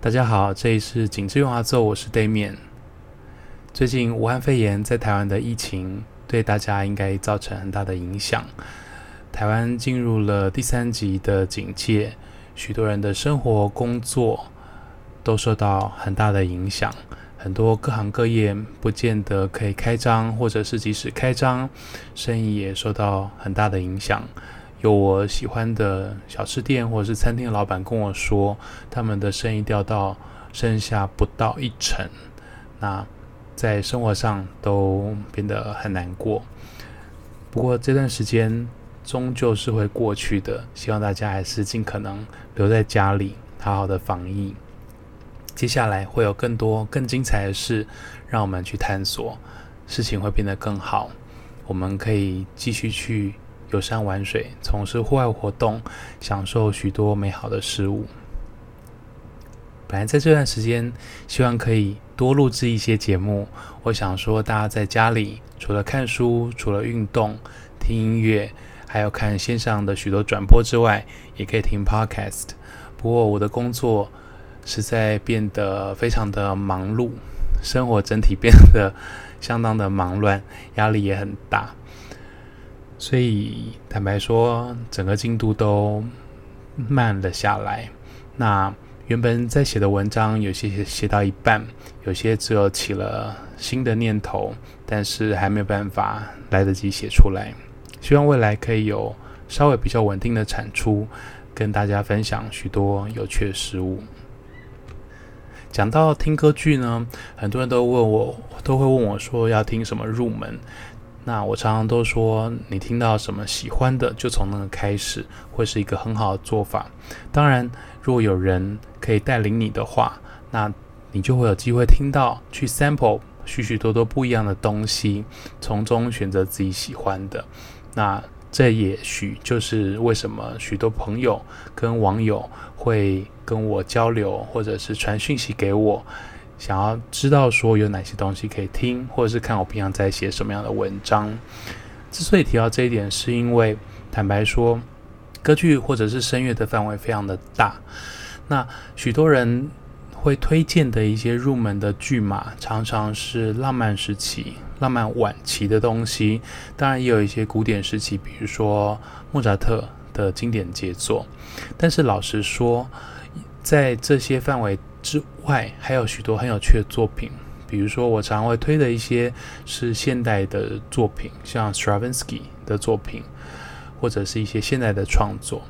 大家好，這裡是緊緻圓滑奏，我是 Damian。最近武漢肺炎在台灣的疫情，對大家應該造成很大的影響。台灣進入了第三級的警戒，許多人的生活、工作都受到很大的影響。很多各行各業不見得可以開張，或者是即使開張，生意也受到很大的影響。有我喜歡的小吃店，或者是餐廳的老闆跟我說，他們的生意掉到剩下不到一成，那在生活上都變得很難過。不過這段時間終究是會過去的，希望大家還是儘可能留在家裡，好好的防疫。接下來會有更多更精彩的事，讓我們去探索，事情會變得更好，我們可以繼續去遊山玩水，從事戶外活動，享受許多美好的事物。本來在這段時間，希望可以多錄制一些節目。我想說，大家在家裡除了看書、除了運動、聽音樂，還有看線上的許多轉播之外，也可以聽 Podcast。不過，我的工作實在變得非常的忙碌，生活整體變得相當的忙亂，壓力也很大。所以，坦白說，整個進度都慢了下來。那原本在寫的文章，有些寫到一半，有些只有起了新的念頭，但是還沒有辦法來得及寫出來。希望未來可以有稍微比較穩定的產出，跟大家分享許多有趣的事物。講到聽歌劇呢，很多人都問我，都會問我說要聽什麼入門。那我常常都說，你聽到什麼喜歡的，就從那個開始，會是一個很好的做法。當然，如果有人可以帶領你的話，那你就會有機會聽到去 sample 許許多多不一樣的東西，從中選擇自己喜歡的。那這也許就是為什麼許多朋友跟網友會跟我交流，或者是傳訊息給我。想要知道說有哪些東西可以聽，或者是看我平常在寫什麼樣的文章。之所以提到這一點，是因為坦白說，歌劇或者是聲樂的範圍非常的大。那許多人會推薦的一些入門的劇碼，常常是浪漫時期、浪漫晚期的東西。當然，也有一些古典時期，比如說莫扎特的經典傑作。但是老實說，在這些範圍之快，還有許多很有趣的作品，比如說我常常會推的一些是現代的作品，像 Stravinsky 的作品，或者是一些現代的創作。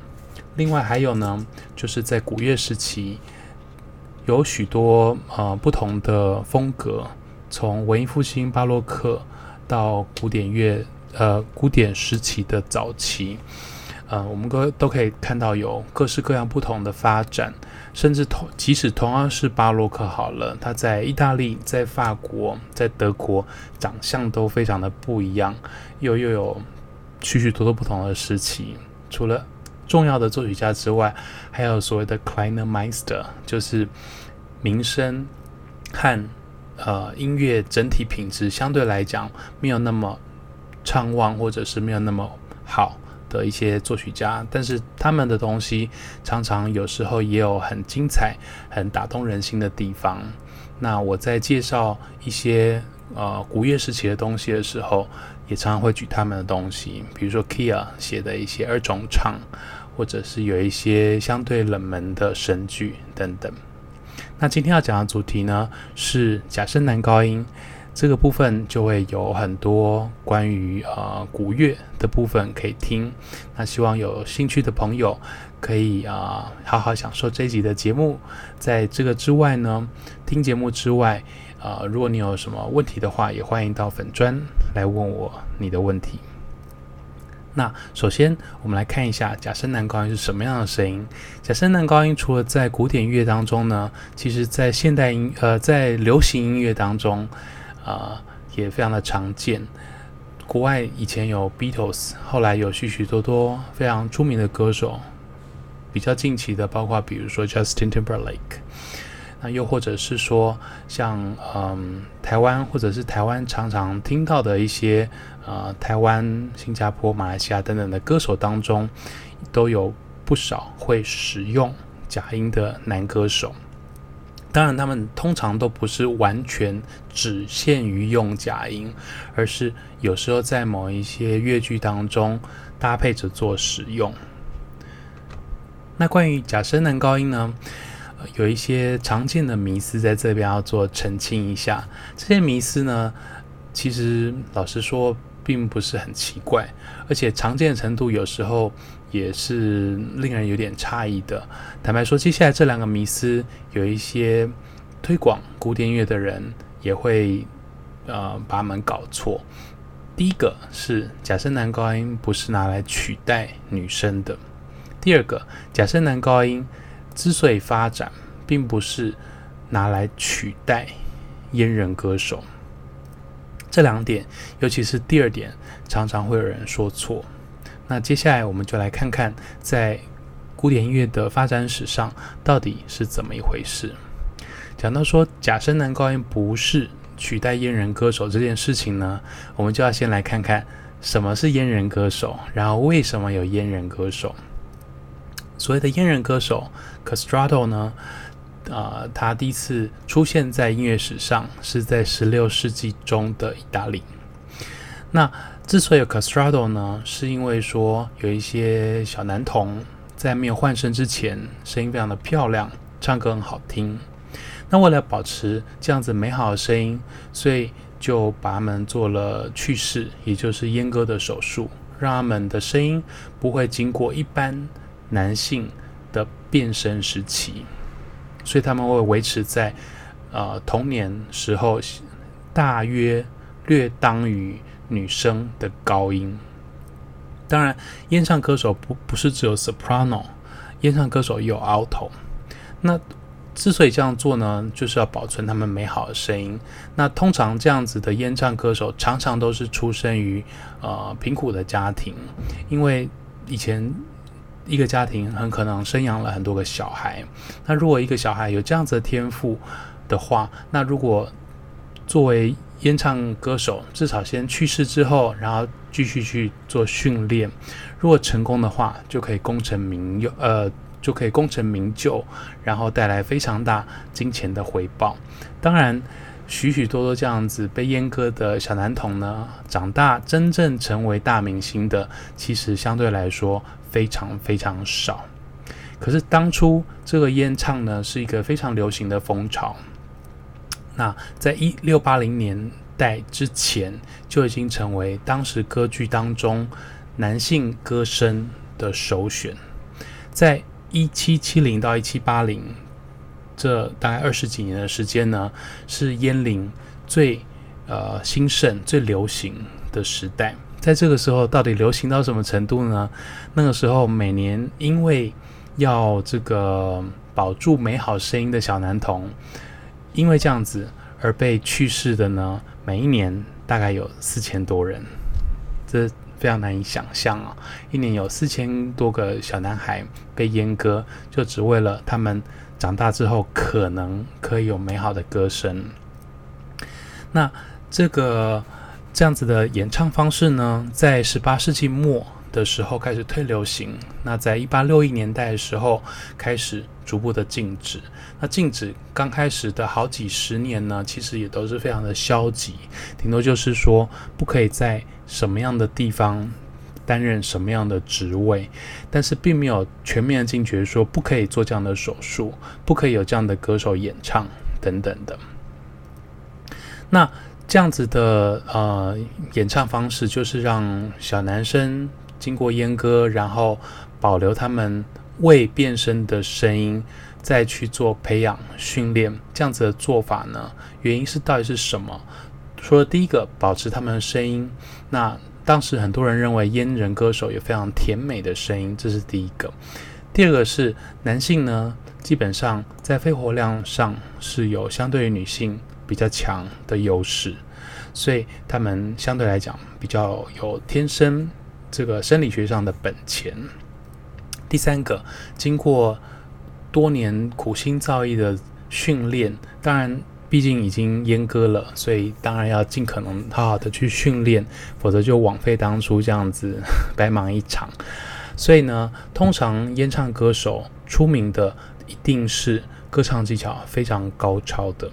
另外還有呢，就是在古樂時期，有許多呃不同的風格，從文藝復興、巴洛克到古典樂呃古典時期的早期，呃，我們都都可以看到有各式各樣不同的發展。甚至同，即使同樣是巴洛克，好了，他在意大利、在法國、在德國，長相都非常的不一樣，又又有許許多多不同的時期。除了重要的作曲家之外，還有所謂的 Kleinmeister，就是名聲和呃音樂整體品質相對來講沒有那麼暢旺，或者是沒有那麼好。的一些作曲家，但是他們的東西常常有時候也有很精彩、很打動人心的地方。那我在介紹一些呃古樂時期的東西的時候，也常常會舉他們的東西，比如說 Kia 寫的一些二重唱，或者是有一些相對冷門的神劇等等。那今天要講的主題呢，是假聲男高音。這個部分就會有很多關於呃古樂的部分可以聽，那希望有興趣的朋友可以啊、呃、好好享受這集的節目。在這個之外呢，聽節目之外，呃，如果你有什麼問題的話，也歡迎到粉專來問我你的問題。那首先我們來看一下假聲男高音是什麼樣的聲音？假聲男高音除了在古典音樂當中呢，其實在現代音呃在流行音樂當中。啊、呃，也非常的常見。國外以前有 Beatles，後來有許許多多非常出名的歌手。比較近期的，包括比如說 Justin Timberlake，那又或者是說像嗯、呃、台灣或者是台灣常常聽到的一些啊、呃、台灣、新加坡、馬來西亞等等的歌手當中，都有不少會使用假音的男歌手。當然，他們通常都不是完全只限於用假音，而是有時候在某一些樂句當中搭配着做使用。那關於假聲男高音呢，呃，有一些常見的迷思在這邊要做澄清一下。這些迷思呢，其實老實說並不是很奇怪，而且常見的程度有時候。也是令人有點詫異的。坦白說，接下來這兩個迷思，有一些推廣古典音樂的人也會呃把它們搞錯。第一個是假聲男高音不是拿來取代女聲的；第二個，假聲男高音之所以發展，並不是拿來取代閹人歌手。這兩點，尤其是第二點，常常會有人說錯。那接下來我們就來看看，在古典音樂的發展史上到底是怎麼一回事。講到說假聲男高音不是取代閹人歌手這件事情呢，我們就要先來看看什麼是閹人歌手，然後為什麼有閹人歌手。所謂的閹人歌手 Castrato 呢，啊、呃，他第一次出現在音樂史上是在16世紀中的意大利。那之所以有 castrado 呢，是因為說有一些小男童在沒有換聲之前，聲音非常的漂亮，唱歌很好聽。那為了保持這樣子美好的聲音，所以就把他們做了去勢，也就是閹割的手術，讓他們的聲音不會經過一般男性的變聲時期，所以他們會維持在呃童年時候，大約略當於。女生的高音，當然，閹唱歌手不不是只有 soprano，閹唱歌手也有 alto 那之所以這樣做呢，就是要保存他們美好的聲音。那通常這樣子的閹唱歌手，常常都是出身於呃貧苦的家庭，因為以前一個家庭很可能生養了很多個小孩。那如果一個小孩有這樣子的天賦的話，那如果作為閹唱歌手至少先去勢之後，然後繼續去做訓練，如果成功的話，就可以功成名就，呃，就可以功成名就，然後帶來非常大金錢的回報。當然，許許多多這樣子被閹割的小男童呢，長大真正成為大明星的，其實相對來說非常非常少。可是當初這個閹唱呢，是一個非常流行的風潮。那在一六八零年代之前，就已經成為當時歌劇當中男性歌聲的首選。在一七七零到一七八零這大概二十幾年的時間呢，是閹伶最呃興盛、最流行的時代。在這個時候，到底流行到什麼程度呢？那個時候，每年因為要這個保住美好聲音的小男童。因為這樣子而被去世的呢，每一年大概有四千多人，這非常難以想象啊，一年有四千多個小男孩被閹割，就只為了他們長大之後可能可以有美好的歌聲。那這個這樣子的演唱方式呢，在十八世紀末。的時候開始退流行，那在一八六一年代的時候開始逐步的禁止。那禁止剛開始的好幾十年呢，其實也都是非常的消極，頂多就是說不可以在什麼樣的地方擔任什麼樣的職位，但是並沒有全面禁絕，說不可以做這樣的手術，不可以有這樣的歌手演唱等等的。那這樣子的呃演唱方式，就是讓小男生。經過閹割，然後保留他們未變聲的聲音，再去做培養訓練，這樣子的做法呢，原因是到底是什麼？說第一個，保持他們的聲音。那當時很多人認為閹人歌手有非常甜美的聲音，這是第一個。第二個是男性呢，基本上在肺活量上是有相對於女性比較強的優勢，所以他們相對來講比較有天生，這個生理學上的本錢。第三個，經過多年苦心造詣的訓練。當然，畢竟已經閹割了，所以當然要盡可能好好的去訓練，否則就枉費當初這樣子白忙一場。所以呢，通常演唱歌手出名的，一定是歌唱技巧非常高超的。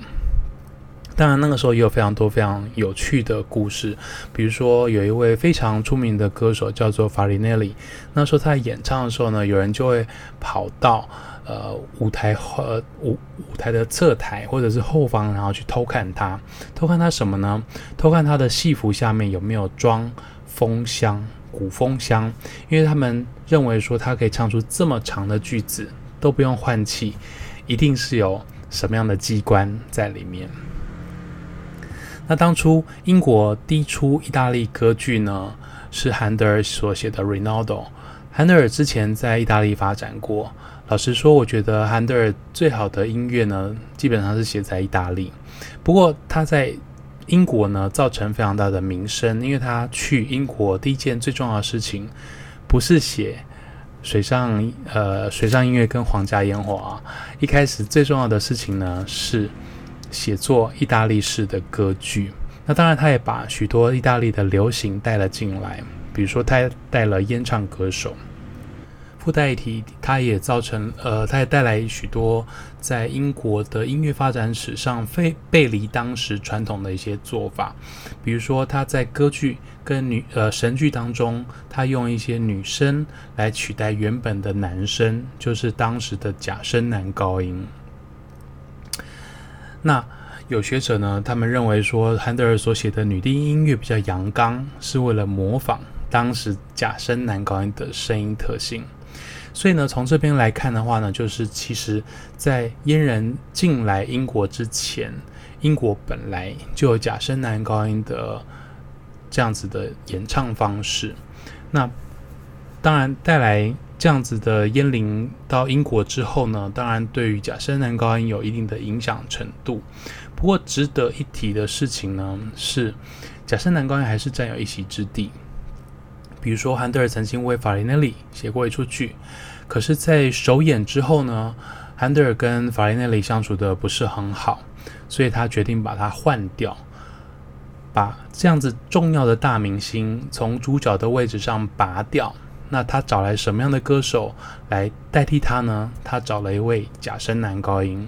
當然，那個時候也有非常多非常有趣的故事。比如說，有一位非常出名的歌手叫做法里內利。那時候他演唱的時候呢，有人就會跑到呃舞台和、呃、舞舞台的側台或者是後方，然後去偷看他。偷看他什麼呢？偷看他的戲服下面有沒有裝風箱鼓風箱？因為他們認為說他可以唱出這麼長的句子都不用換氣，一定是有什麼樣的機關在裡面。那當初英國第一出意大利歌劇呢，是韓德爾所寫的《Rinaldo》。韓德爾之前在意大利發展過，老實說，我覺得韓德爾最好的音樂呢，基本上是寫在意大利。不過他在英國呢，造成非常大的名聲，因為他去英國第一件最重要的事情，不是寫水上呃水上音樂跟皇家煙火啊，一開始最重要的事情呢是。寫作意大利式的歌劇，那當然他也把許多意大利的流行帶了進來，比如說他帶了閹唱歌手。附帶一提，他也造成呃，他也帶來許多在英國的音樂發展史上非背、背離當時傳統的一些做法，比如說他在歌劇跟女呃神劇當中，他用一些女聲來取代原本的男聲，就是當時的假聲男高音。那有學者呢，他們認為說，韓德爾所寫的女低音音樂比較陽剛，是為了模仿當時假聲男高音的聲音特性。所以呢，從這邊來看的話呢，就是其實在閹人進來英國之前，英國本來就有假聲男高音的這樣子的演唱方式。那當然帶來。這樣子的閹伶到英國之後呢，當然對於假聲男高音有一定的影響程度。不過值得一提的事情呢是，假聲男高音還是佔有一席之地。比如說，韓德爾曾經為法雷內里寫過一齣劇，可是，在首演之後呢，韓德爾跟法雷內里相處的不是很好，所以他決定把它換掉，把這樣子重要的大明星從主角的位置上拔掉。那他找來什麼樣的歌手來代替他呢？他找了一位假聲男高音，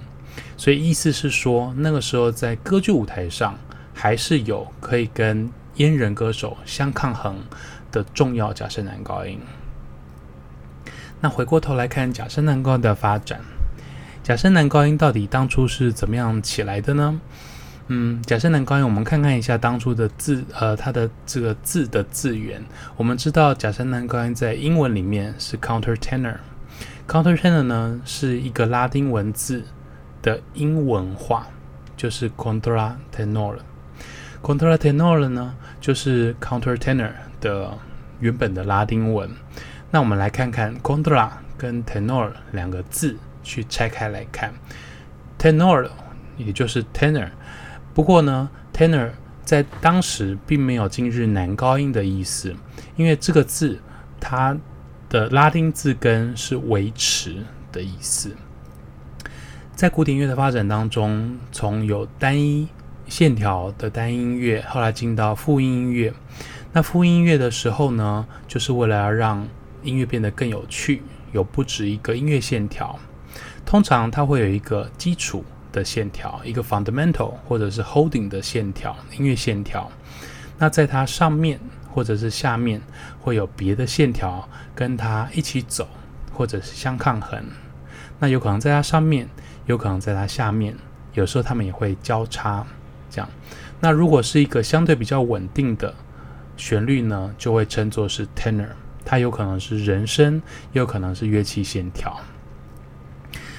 所以意思是說，那個時候在歌劇舞台上還是有可以跟閹人歌手相抗衡的重要假聲男高音。那回過頭來看假聲男高音的發展，假聲男高音到底當初是怎麼樣起來的呢？嗯，假聲男高音，我們看看一下當初的字，呃，它的這個字的字源。我們知道假聲男高音在英文裡面是 counter tenor。counter tenor 呢是一個拉丁文字的英文化，就是 contratenor 了。contratenor 呢就是 counter tenor 的原本的拉丁文。那我們來看看 contra 跟 tenor 兩個字去拆開來看，tenor 也就是 tenor。不過呢，tenor 在當時並沒有今日男高音的意思，因為這個字它的拉丁字根是維持的意思。在古典樂的發展當中，從有單一線條的單音樂，後來進到複音音樂。那複音音樂的時候呢，就是為了要讓音樂變得更有趣，有不止一個音樂線條。通常它會有一個基礎。的線條，一個 fundamental 或者是 holding 的線條，音樂線條。那在它上面或者是下面會有別的線條跟它一起走，或者是相抗衡。那有可能在它上面，有可能在它下面，有時候它們也會交叉，這樣。那如果是一個相對比較穩定的旋律呢，就會稱作是 tenor。它有可能是人聲，也有可能是樂器線條。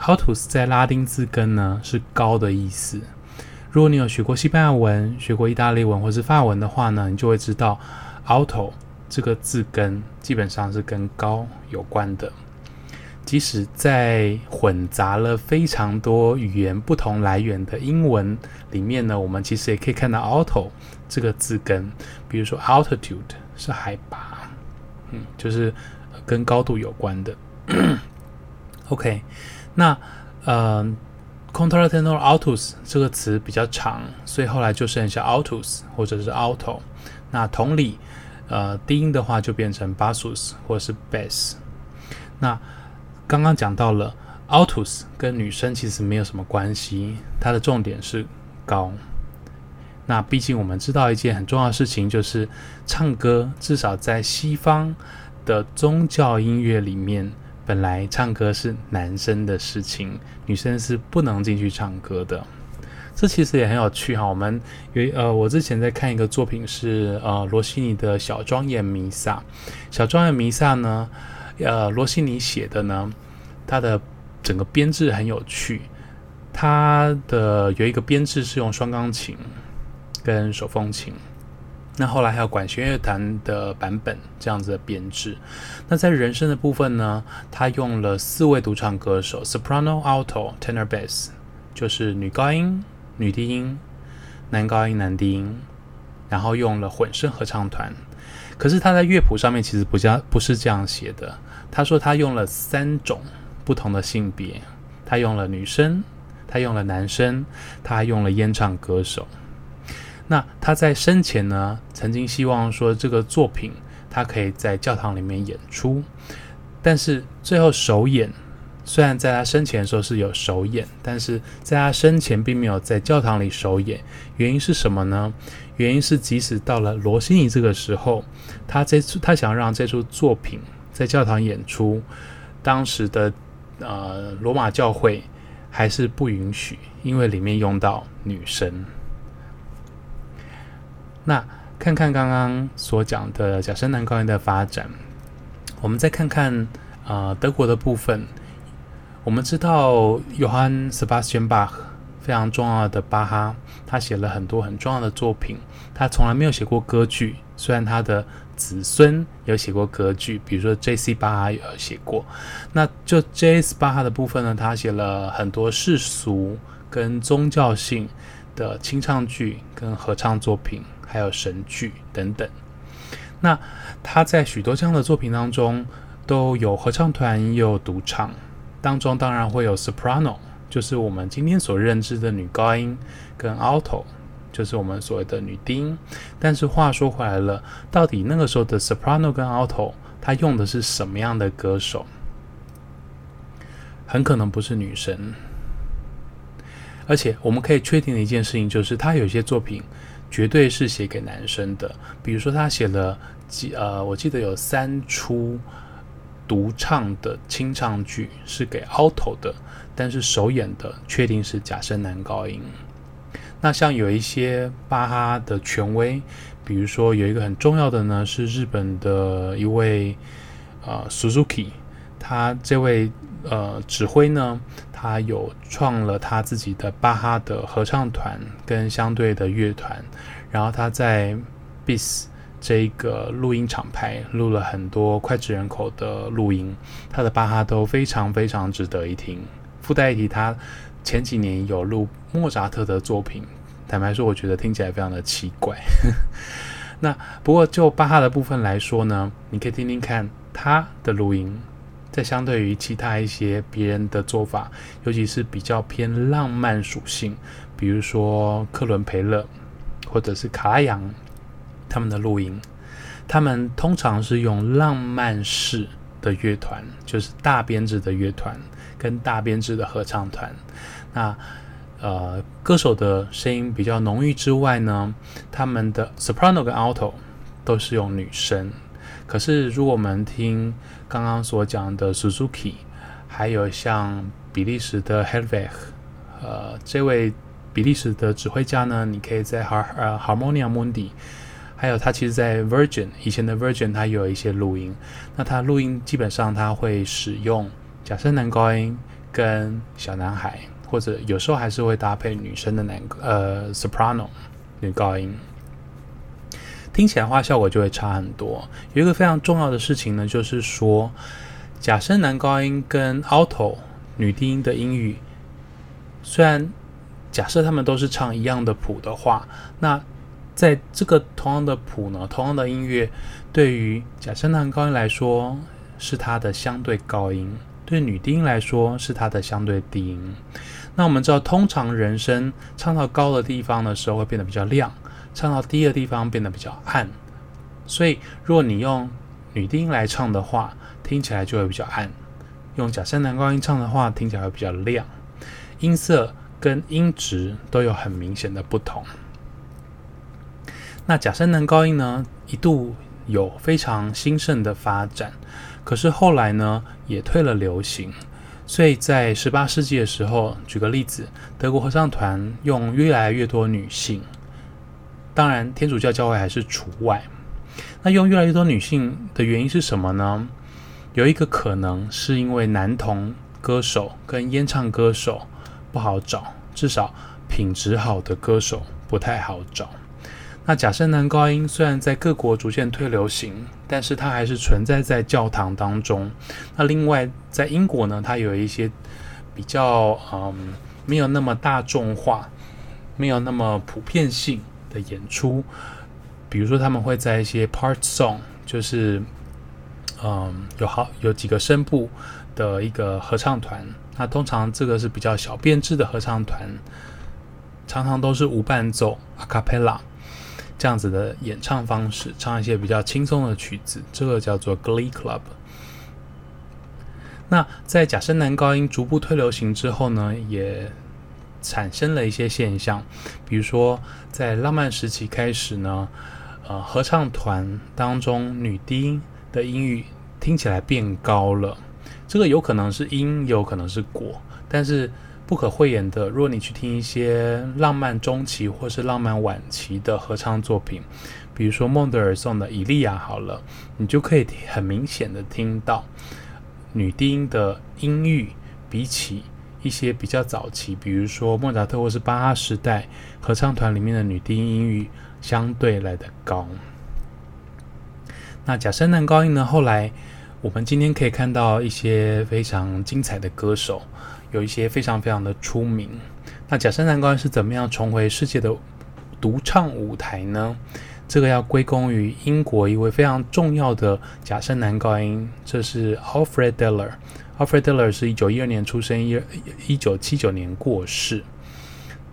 Altus 在拉丁字根呢，是高的意思。如果你有學過西班牙文、學過意大利文或是法文的話呢，你就會知道 “alto” 這個字根基本上是跟高有關的。即使在混雜了非常多語言不同來源的英文裡面呢，我們其實也可以看到 “alto” 這個字根，比如說 “altitude” 是海拔，嗯，就是跟高度有關的。 OK。那呃，contratenor altus 這個詞比較長，所以後來就剩下 altus 或者是 alto 那同理，呃，低音的話就變成 bassus 或者是 bass 那。那剛剛講到了 altus 跟女聲其實沒有什麼關係，它的重點是高。那畢竟我們知道一件很重要的事情，就是唱歌至少在西方的宗教音樂裡面。本來唱歌是男生的事情，女生是不能進去唱歌的。這其實也很有趣哈。我們有呃，我之前在看一個作品是呃羅西尼的小莊嚴彌撒。小莊嚴彌撒呢，呃羅西尼寫的呢，它的整個編制很有趣。它的有一個編制是用雙鋼琴跟手風琴。那後來還有管弦樂團的版本，這樣子的編制，那在人聲的部分呢，他用了四位獨唱歌手：soprano、alto、tenor、bass，就是女高音、女低音、男高音、男低音，然後用了混聲合唱團。可是他在樂譜上面其實不叫，不是這樣寫的，他說他用了三種不同的性別，他用了女生，他用了男生，他還用了閹唱歌手。那他在生前呢，曾經希望說，這個作品他可以在教堂裡面演出，但是最後首演雖然在他生前的時候是有首演，但是在他生前並沒有在教堂裡首演，原因是什麼呢？原因是即使到了羅西尼這個時候，他這他想讓這出作品在教堂演出，當時的呃羅馬教會還是不允許，因為裡面用到女聲。那看看剛剛所講的假聲男高音的發展，我們再看看啊、呃、德國的部分。我們知道 Johann Sebastian Bach 非常重要的巴哈，他寫了很多很重要的作品。他從來沒有寫過歌劇，雖然他的子孫有寫過歌劇，比如說 J C 巴哈有寫過。那就 J S 巴哈的部分呢，他寫了很多世俗跟宗教性的清唱劇跟合唱作品。還有神劇等等，那他在許多這樣的作品當中都有合唱團，也有獨唱，當中當然會有 soprano，就是我們今天所認知的女高音，跟 alto，就是我們所謂的女低音。但是話說回來了，到底那個時候的 soprano 跟 alto，他用的是什麼樣的歌手？很可能不是女聲。而且我們可以確定的一件事情就是，他有一些作品。絕對是寫給男生的，比如說他寫了幾呃，我記得有三出獨唱的清唱劇是給 alto 的，但是首演的確定是假聲男高音。那像有一些巴哈的權威，比如說有一個很重要的呢，是日本的一位啊、呃、Suzuki，他這位呃指揮呢，他有創了他自己的巴哈的合唱團跟相對的樂團，然後他在 BIS 這個錄音廠牌錄了很多膾炙人口的錄音，他的巴哈都非常非常值得一聽。附帶一提，他前幾年有錄莫扎特的作品，坦白說，我覺得聽起來非常的奇怪。 那不過就巴哈的部分來說呢，你可以聽聽看他的錄音。在相對於其他一些別人的做法，尤其是比較偏浪漫屬性，比如說克倫培勒或者是卡拉揚他們的錄音，他們通常是用浪漫式的樂團，就是大編制的樂團跟大編制的合唱團。那呃，歌手的聲音比較濃郁之外呢，他們的 soprano 跟 alto 都是用女聲。可是，如果我們聽剛剛所講的 Suzuki，還有像比利時的 Herreweghe 呃，這位比利時的指揮家呢，你可以在 Har、呃、Harmonia Mundi，還有他其實在 Virgin 以前的 Virgin 他有一些錄音。那他錄音基本上他會使用假聲男高音跟小男孩，或者有時候還是會搭配女生的男呃 soprano 女高音。聽起來的話，效果就會差很多。有一個非常重要的事情呢，就是說，假聲男高音跟 alto 女低音的音域，雖然假設他們都是唱一樣的譜的話，那在這個同樣的譜呢，同樣的音樂，對於假聲男高音來說是它的相對高音，對女低音來說是它的相對低音。那我們知道，通常人聲唱到高的地方的時候，會變得比較亮。唱到低的地方變得比較暗，所以如果你用女低音來唱的話，聽起來就會比較暗；用假聲男高音唱的話，聽起來會比較亮。音色跟音質都有很明顯的不同。那假聲男高音呢，一度有非常興盛的發展，可是後來呢也退了流行。所以，在十八世紀的時候，舉個例子，德國合唱團用越來越多女性。當然，天主教教會還是除外。那用越來越多女性的原因是什麼呢？有一個可能是因為男童歌手跟閹唱歌手不好找，至少品質好的歌手不太好找。那假聲男高音雖然在各國逐漸退流行，但是它還是存在在教堂當中。那另外，在英國呢，它有一些比較嗯，沒有那麼大眾化，沒有那麼普遍性。的演出，比如說他們會在一些 part song，就是，嗯，有好有幾個聲部的一個合唱團，那通常這個是比較小編制的合唱團，常常都是無伴奏 a cappella 這樣子的演唱方式，唱一些比較輕鬆的曲子，這個叫做 Glee Club。那在假聲男高音逐步退流行之後呢，也產生了一些現象，比如說在浪漫時期開始呢，呃，合唱團當中女低音的音域聽起來變高了，這個有可能是因，有可能是果，但是不可諱言的，如果你去聽一些浪漫中期或是浪漫晚期的合唱作品，比如說孟德爾頌的《以利亞》，好了，你就可以很明顯的聽到女低音的音域比起一些比較早期，比如說莫扎特或是巴哈時代合唱團裡面的女低音音域相對來得高。那假聲男高音呢？後來我們今天可以看到一些非常精彩的歌手，有一些非常非常的出名。那假聲男高音是怎麼樣重回世界的獨唱舞台呢？這個要歸功於英國一位非常重要的假聲男高音，這是 Alfred Deller。Alfred Deller 是一九一二年出生，一一九七九年過世。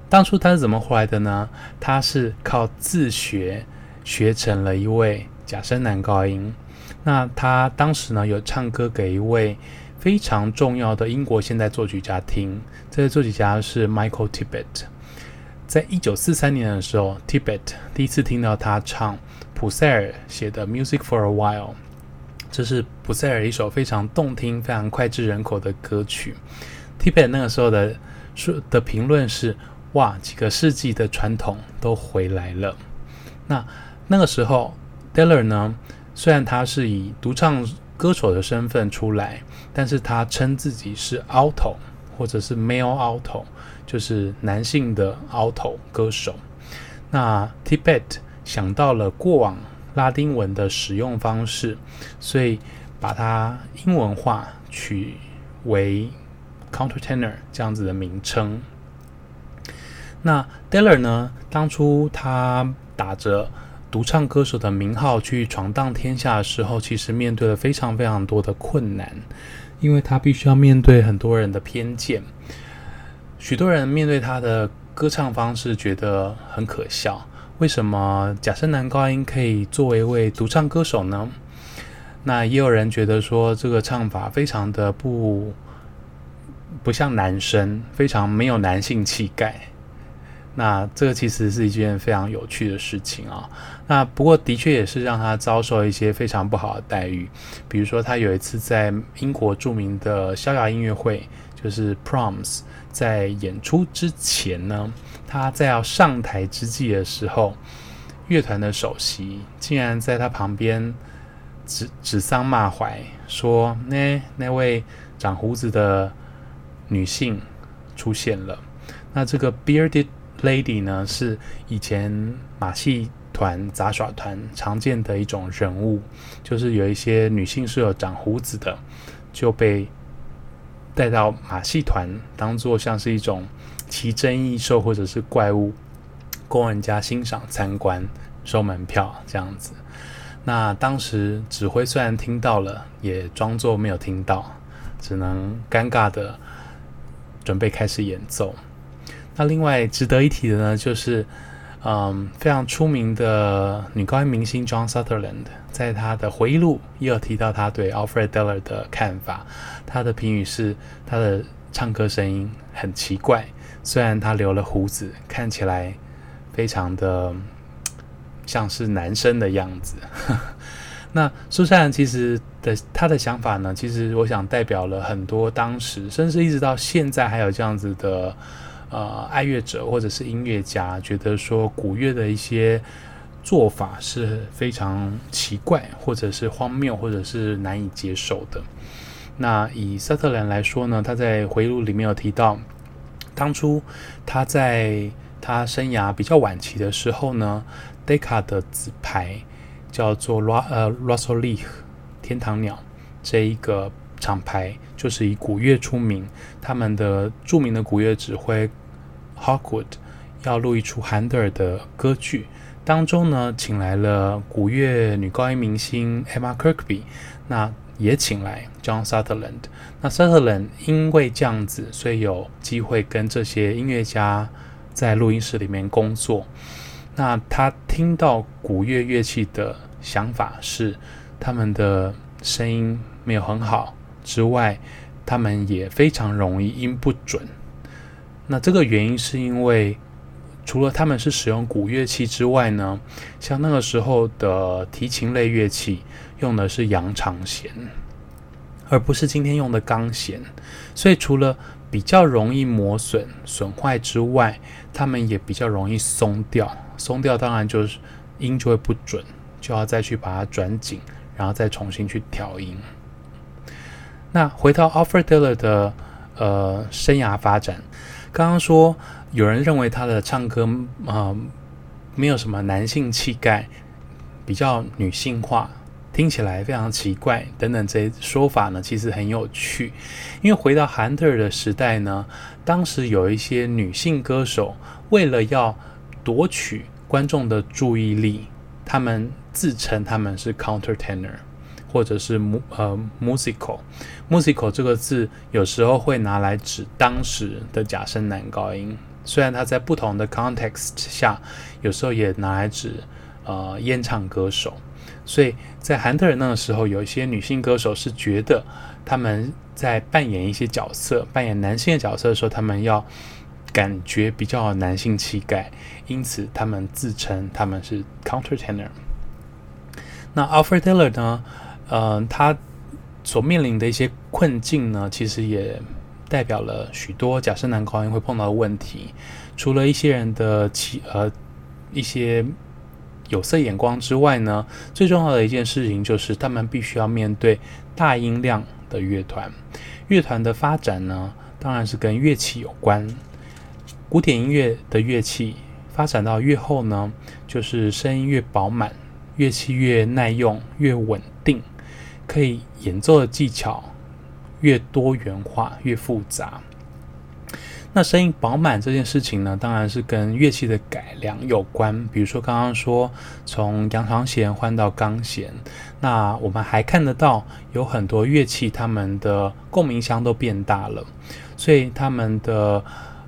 當初他是怎麼回來的呢？他是靠自學，學成了一位假聲男高音。那他當時呢，有唱歌給一位非常重要的英國現代作曲家聽。這位作曲家是 Michael Tippett。在一九四三年的時候，Tippett 第一次聽到他唱普塞爾寫的《Music for a While》。這是布塞爾一首非常動聽、非常膾炙人口的歌曲。Tippett 那個時候的說的評論是：哇，幾個世紀的傳統都回來了。那那個時候 Deller 呢？雖然他是以獨唱歌手的身份出來，但是他稱自己是 alto 或者是 male alto 就是男性的 alto 歌手。那 Tippett 想到了過往。拉丁文的使用方式，所以把它英文化，取為 countertenor 這樣子的名稱。那 Deller 呢？當初他打着獨唱歌手的名號去闖蕩天下的時候，其實面對了非常非常多的困難，因為他必須要面對很多人的偏見，許多人面對他的歌唱方式覺得很可笑。為什麼假聲男高音可以作為一位獨唱歌手呢？那也有人覺得說，這個唱法非常的不不像男生，非常沒有男性氣概。那這個其實是一件非常有趣的事情啊。那不過的確也是讓他遭受一些非常不好的待遇，比如說，他有一次在英國著名的逍遙音樂會，就是 Proms，在演出之前呢，他在要上台之際的時候，樂團的首席竟然在他旁邊指指桑罵槐，說：“那那位長鬍子的女性出現了。”那這個 bearded lady 呢，是以前馬戲團雜耍團常見的一種人物，就是有一些女性是有長鬍子的，就被帶到馬戲團，當做像是一種。奇珍異獸或者是怪物，供人家欣賞參觀，收門票這樣子。那當時指揮雖然聽到了，也裝作沒有聽到，只能尷尬地準備開始演奏。那另外值得一提的呢，就是嗯，非常出名的女高音明星 Joan Sutherland 在她的回憶錄也有提到她對 Alfred Deller 的看法，她的評語是她的唱歌聲音很奇怪。雖然他留了鬍子，看起來非常的像是男生的樣子。呵呵，那蘇珊其實的他的想法呢，其實我想代表了很多當時，甚至一直到現在還有這樣子的呃愛樂者或者是音樂家，覺得說古樂的一些做法是非常奇怪，或者是荒謬，或者是難以接受的。那以薩特蘭來說呢，他在回憶錄裡面有提到，當初他在他生涯比較晚期的時候呢 Decca 的子牌叫做、R、L'Oiseau-Lyre 天堂鳥這一個廠牌，就是以古樂出名。他們的著名的古樂指揮 Hogwood 要錄一出韓德爾的歌劇，當中呢請來了古樂女高音明星 Emma Kirkby，那也請來。John Sutherland，那 Sutherland 因為這樣子，所以有機會跟這些音樂家在錄音室裡面工作。那他聽到古樂樂器的想法是，他們的聲音沒有很好之外，他們也非常容易音不準。那這個原因是因為，除了他們是使用古樂器之外呢，像那個時候的提琴類樂器用的是羊腸弦。而不是今天用的鋼弦，所以除了比較容易磨損損壞之外，它們也比較容易鬆掉。鬆掉當然就是音就會不準，就要再去把它轉緊，然後再重新去調音。那回到 Alfred Deller 的呃生涯發展，剛剛說有人認為他的唱歌啊、呃、沒有什麼男性氣概，比較女性化，聽起來非常奇怪，等等這些說法呢，其實很有趣。因為回到韓特爾的時代呢，當時有一些女性歌手為了要奪取觀眾的注意力，他們自稱他們是 countertenor，或者是 mus 呃 musical。musical 這個字有時候會拿來指當時的假聲男高音，雖然它在不同的 context 下有時候也拿來指呃閹唱歌手。所以在韓德爾那個時候，有一些女性歌手是覺得他們在扮演一些角色，扮演男性的角色的時候，他們要感覺比較男性氣概，因此他們自稱他們是 countertenor。那 Alfred Deller 呢？嗯、呃，他所面臨的一些困境呢，其實也代表了許多假聲男高音會碰到的問題，除了一些人的氣呃一些。有色眼光之外呢，最重要的一件事情就是他們必須要面對大音量的樂團。樂團的發展呢，當然是跟樂器有關。古典音樂的樂器發展到越後呢，就是聲音越飽滿，樂器越耐用、越穩定，可以演奏的技巧越多元化、越複雜。那聲音飽滿這件事情呢，當然是跟樂器的改良有關。比如說剛剛說從羊腸弦換到鋼弦，那我們還看得到有很多樂器它們的共鳴箱都變大了，所以它們的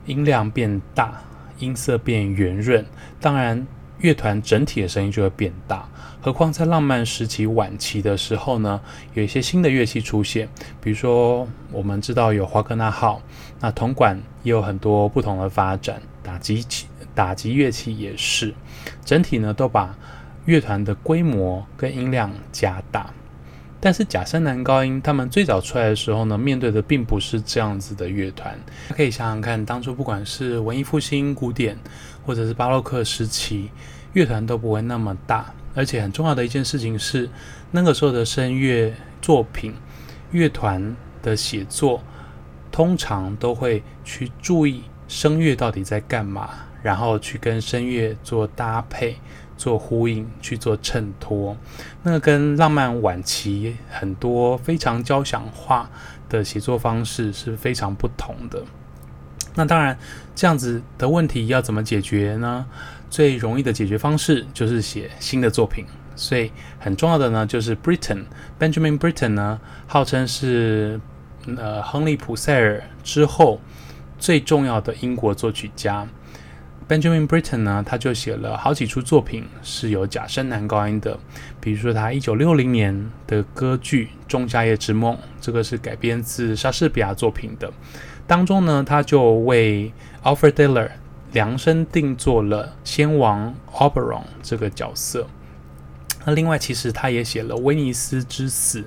音量變大，音色變圓潤。當然，樂團整體的聲音就會變大。何況在浪漫時期晚期的時候呢，有一些新的樂器出現，比如說我們知道有華格納號，那銅管也有很多不同的發展，打擊器打擊樂器也是，整體呢都把樂團的規模跟音量加大。但是假聲男高音他們最早出來的時候呢，面對的並不是這樣子的樂團，可以想想看，當初不管是文藝復興、古典，或者是巴洛克時期，樂團都不會那麼大。而且很重要的一件事情是，那個時候的聲樂作品、樂團的寫作，通常都會去注意聲樂到底在幹嘛，然後去跟聲樂做搭配、做呼應、去做襯托。那個跟浪漫晚期很多非常交響化的寫作方式是非常不同的。那當然，這樣子的問題要怎麼解決呢？最容易的解決方式就是寫新的作品，所以很重要的呢，就是 Britten，Benjamin Britten 呢號稱是、嗯、呃亨利普塞爾之後最重要的英國作曲家。Benjamin Britten 呢，他就寫了好幾齣作品是有假聲男高音的，比如說他一九六零年的歌劇《仲夏夜之夢》，這個是改編自莎士比亞作品的，當中呢他就為 Alfred Deller 量身定做了仙王 Oberon 這個角色。那另外，其實他也寫了《威尼斯之死》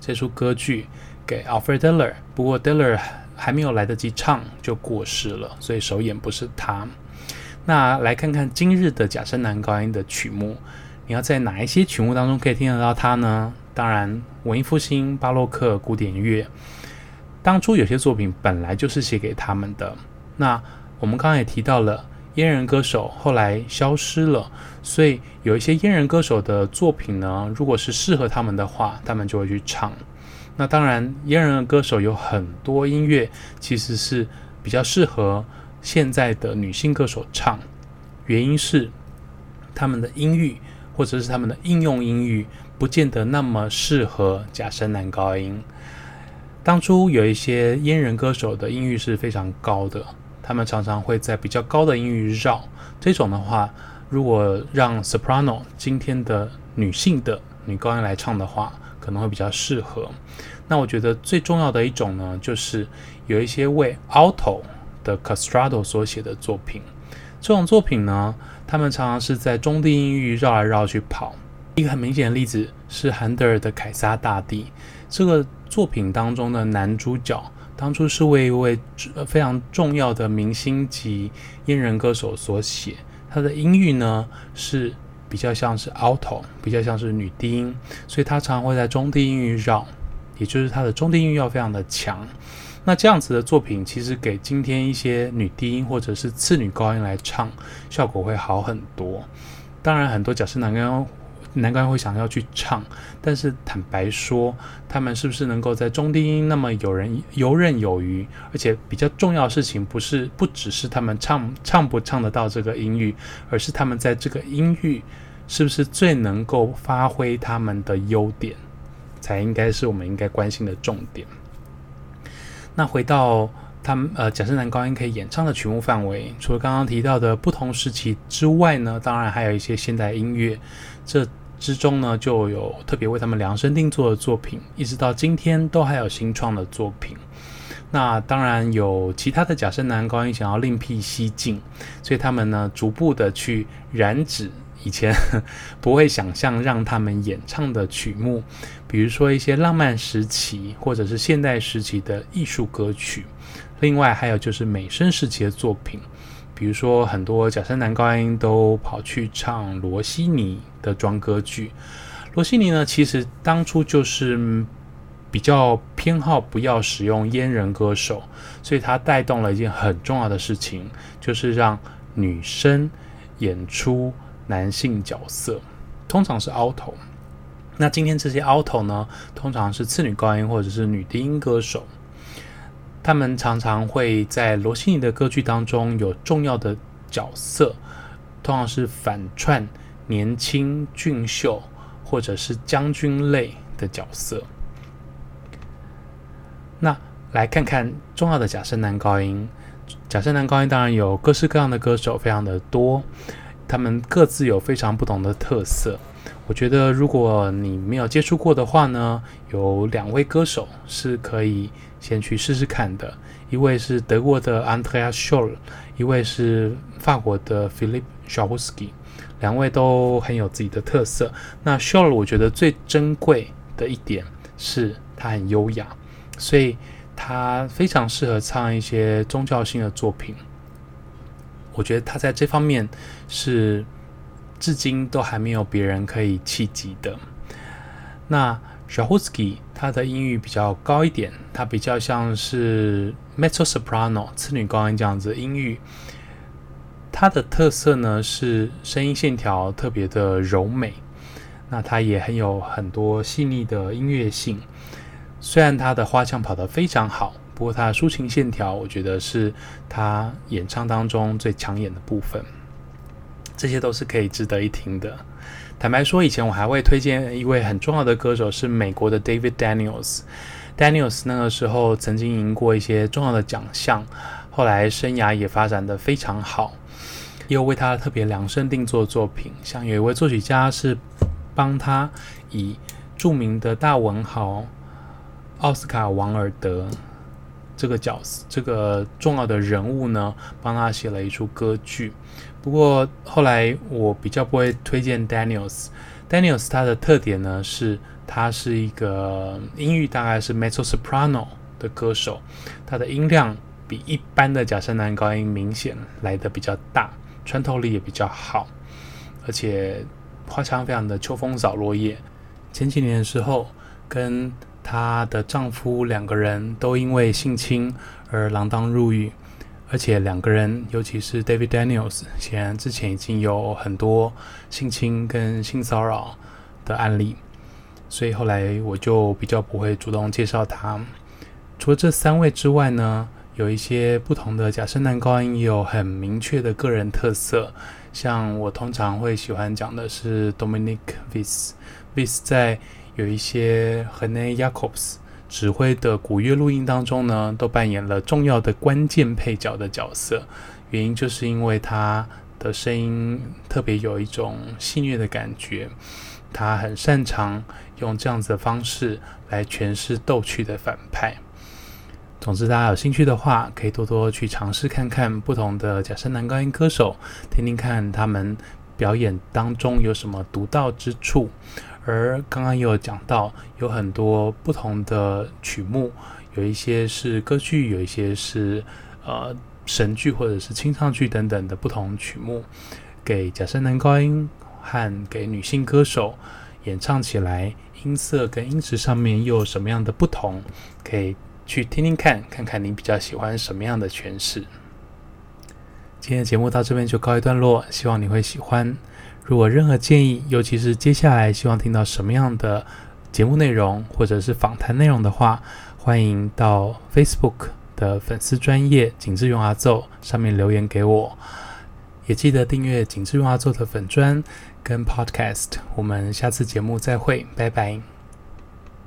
這出歌劇給 Alfred Deller，不過 Deller 還沒有來得及唱就過世了，所以首演不是他。那來看看今日的假聲男高音的曲目，你要在哪一些曲目當中可以聽得到他呢？當然，文藝復興、巴洛克、古典樂，當初有些作品本來就是寫給他們的。那我們剛剛也提到了，閹人歌手後來消失了，所以有一些閹人歌手的作品呢，如果是適合他們的話，他們就會去唱。那當然，閹人的歌手有很多音樂其實是比較適合現在的女性歌手唱，原因是他們的音域或者是他們的應用音域不見得那麼適合假聲男高音。當初有一些閹人歌手的音域是非常高的。他們常常會在比較高的音域繞，這種的話，如果讓 soprano 今天的女性的女高音來唱的話，可能會比較適合。那我覺得最重要的一種呢，就是有一些為 alto 的 castrato 所寫的作品。這種作品呢，他們常常是在中低音域繞來繞去跑。一個很明顯的例子是韓德爾的《凱撒大帝》這個作品當中的男主角。當初是為一位非常重要的明星級閹人歌手所寫，他的音域呢是比較像是 alto，比較像是女低音，所以他常會在中低音域繞，也就是他的中低音域要非常的強。那這樣子的作品其實給今天一些女低音或者是次女高音來唱，效果會好很多。當然，很多假聲男高男高音會想要去唱，但是坦白說，他們是不是能夠在中低音那麼有人游刃有餘？而且比較重要的事情不是不只是他們唱唱不唱得到這個音域，而是他們在這個音域是不是最能夠發揮他們的優點，才應該是我們應該關心的重點那回到他們呃，假聲男高音可以演唱的曲目範圍，除了剛剛提到的不同時期之外呢，當然還有一些現代音樂，這。之中呢，就有特別為他們量身定做的作品，一直到今天都還有新創的作品。那當然有其他的假聲男高音想要另闢蹊徑，所以他們呢，逐步的去染指以前不會想象讓他們演唱的曲目，比如說一些浪漫時期或者是現代時期的藝術歌曲。另外還有就是美聲時期的作品，比如說很多假聲男高音都跑去唱羅西尼。的裝歌劇。羅西尼呢，其實當初就是比較偏好不要使用閹人歌手，所以他帶動了一件很重要的事情，就是讓女生演出男性角色，通常是 alto。那今天這些 alto 呢，通常是次女高音或者是女低音歌手，他們常常會在羅西尼的歌劇當中有重要的角色，通常是反串，年輕俊秀，或者是將軍類的角色。那來看看重要的假聲男高音。假聲男高音當然有各式各樣的歌手，非常的多，他們各自有非常不同的特色。我覺得如果你沒有接觸過的話呢，有兩位歌手是可以先去試試看的。一位是德國的 Andreas Scholl，一位是法國的 Philippe Jaroussky。兩位都很有自己的特色。那 Scholl 我覺得最珍貴的一點是，他很優雅，所以他非常適合唱一些宗教性的作品。我覺得他在這方面是至今都還沒有別人可以企及的。那 Jaroussky 他的音域比較高一點，他比較像是 mezzo soprano 次女高音這樣子的音域。它的特色呢是聲音線條特別的柔美，那它也很有很多細膩的音樂性。雖然它的花腔跑得非常好，不過它的抒情線條，我覺得是他演唱當中最搶眼的部分。這些都是可以值得一聽的。坦白說，以前我還會推薦一位很重要的歌手，是美國的 David Daniels。Daniels 那個時候曾經贏過一些重要的獎項，後來生涯也發展得非常好。又為他特別量身定做作品，像有一位作曲家是幫他以著名的大文豪奧斯卡王爾德這個角色這個重要的人物呢，幫他寫了一出歌劇。不過後來我比較不會推薦 Daniels。Daniels 他的特點呢是，他是一個音域大概是 mezzo soprano 的歌手，他的音量比一般的假聲男高音明顯來的比較大。穿透力也比較好，而且花腔非常的秋風掃落葉。前幾年的時候，跟他的丈夫兩個人都因為性侵而鋃鐺入獄，而且兩個人，尤其是 David Daniels，顯然之前已經有很多性侵跟性騷擾的案例，所以後來我就比較不會主動介紹他。除了這三位之外呢，有一些不同的假聲男高音也有很明確的個人特色，像我通常會喜歡講的是 Dominique Visse Visse，在有一些 René Jacobs 指揮的古樂錄音當中呢，都扮演了重要的關鍵配角的角色。原因就是因為他的聲音特別有一種戲謔的感覺，他很擅長用這樣子的方式來詮釋逗趣的反派。總之，大家有興趣的話，可以多多去嘗試看看不同的假聲男高音歌手，聽聽看他們表演當中有什麼獨到之處。而剛剛也有講到，有很多不同的曲目，有一些是歌劇，有一些是呃神劇或者是清唱劇等等的不同曲目，給假聲男高音和給女性歌手演唱起來，音色跟音質上面又有什麼樣的不同？可以。去聽聽看，看看你比較喜歡什麼樣的詮釋。今天的節目到這邊就告一段落，希望你會喜歡。如果任何建議，尤其是接下來希望聽到什麼樣的節目內容或者是訪談內容的話，歡迎到 Facebook 的粉絲專頁緊緻圓滑奏上面留言給我。也記得訂閱緊緻圓滑奏的粉專跟 Podcast。我們下次節目再會，拜拜。